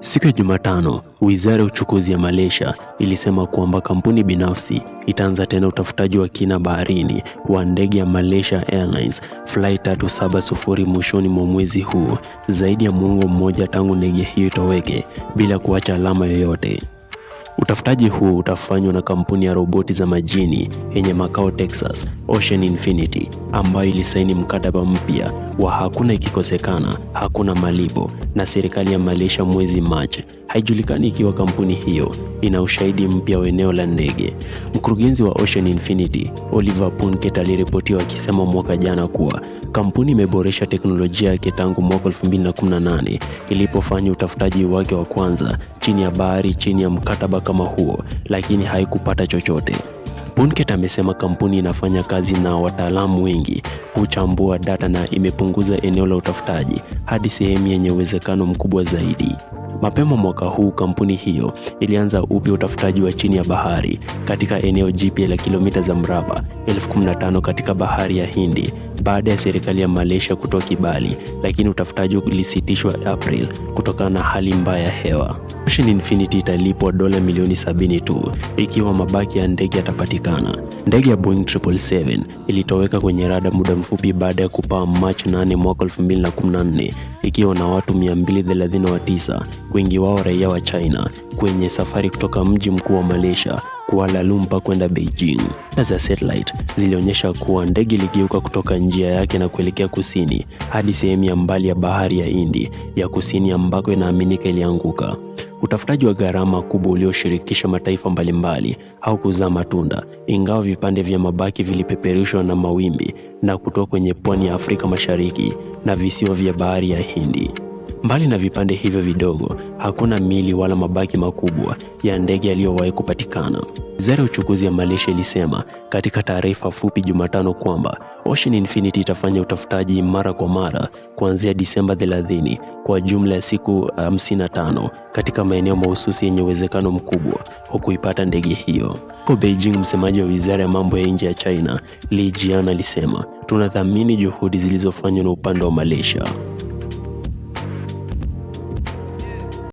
Siku ya Jumatano, Wizara ya Uchukuzi ya Malaysia ilisema kwamba kampuni binafsi itaanza tena utafutaji wa kina baharini wa ndege ya Malaysia Airlines Flight 370 mwishoni mwa mwezi huu, zaidi ya muongo mmoja tangu ndege hiyo itoweke bila kuacha alama yoyote. Utafutaji huu utafanywa na kampuni ya roboti za majini yenye makao Texas, Ocean Infinity, ambayo ilisaini mkataba mpya wa hakuna ikikosekana hakuna malipo na serikali ya Malaysia mwezi Machi. Haijulikani ikiwa kampuni hiyo ina ushahidi mpya wa eneo la ndege. Mkurugenzi wa Ocean Infinity Oliver Punket aliripotiwa akisema mwaka jana kuwa kampuni imeboresha teknolojia yake tangu mwaka 2018 ilipofanya utafutaji wake wa kwanza chini ya bahari chini ya mkataba kama huo, lakini haikupata chochote. Bonket amesema kampuni inafanya kazi na wataalamu wengi kuchambua data na imepunguza eneo la utafutaji hadi sehemu yenye uwezekano mkubwa zaidi. Mapema mwaka huu kampuni hiyo ilianza upya utafutaji wa chini ya bahari katika eneo jipya la kilomita za mraba 15 katika bahari ya Hindi baada ya serikali ya Malaysia kutoa kibali, lakini utafutaji ulisitishwa April kutokana na hali mbaya ya hewa. Ocean Infinity italipwa dola milioni sabini tu ikiwa mabaki ya ndege yatapatikana. Ndege ya Boeing 777 ilitoweka kwenye rada muda mfupi baada ya kupaa Machi 8 mwaka 2014 ikiwa na watu 239, wengi wao raia wa China, kwenye safari kutoka mji mkuu wa Malaysia Kuala Lumpur kwenda Beijing. Picha za satellite zilionyesha kuwa ndege iligeuka kutoka njia yake na kuelekea kusini hadi sehemu ya mbali ya bahari ya Hindi ya kusini ambako inaaminika ilianguka. Utafutaji wa gharama kubwa ulioshirikisha mataifa mbalimbali haukuzaa matunda, ingawa vipande vya mabaki vilipeperushwa na mawimbi na kutoka kwenye pwani ya Afrika Mashariki na visiwa vya Bahari ya Hindi. Mbali na vipande hivyo vidogo, hakuna mili wala mabaki makubwa ya ndege yaliyowahi kupatikana. Wizara ya uchukuzi ya Malaysia ilisema katika taarifa fupi Jumatano kwamba Ocean Infinity itafanya utafutaji mara kwa mara kuanzia Disemba 30 kwa jumla ya siku 55 katika maeneo mahususi yenye uwezekano mkubwa wa kuipata ndege hiyo. Huko Beijing, msemaji wa wizara ya mambo ya nje ya China Li Jian alisema, tunathamini juhudi zilizofanywa na upande wa Malaysia.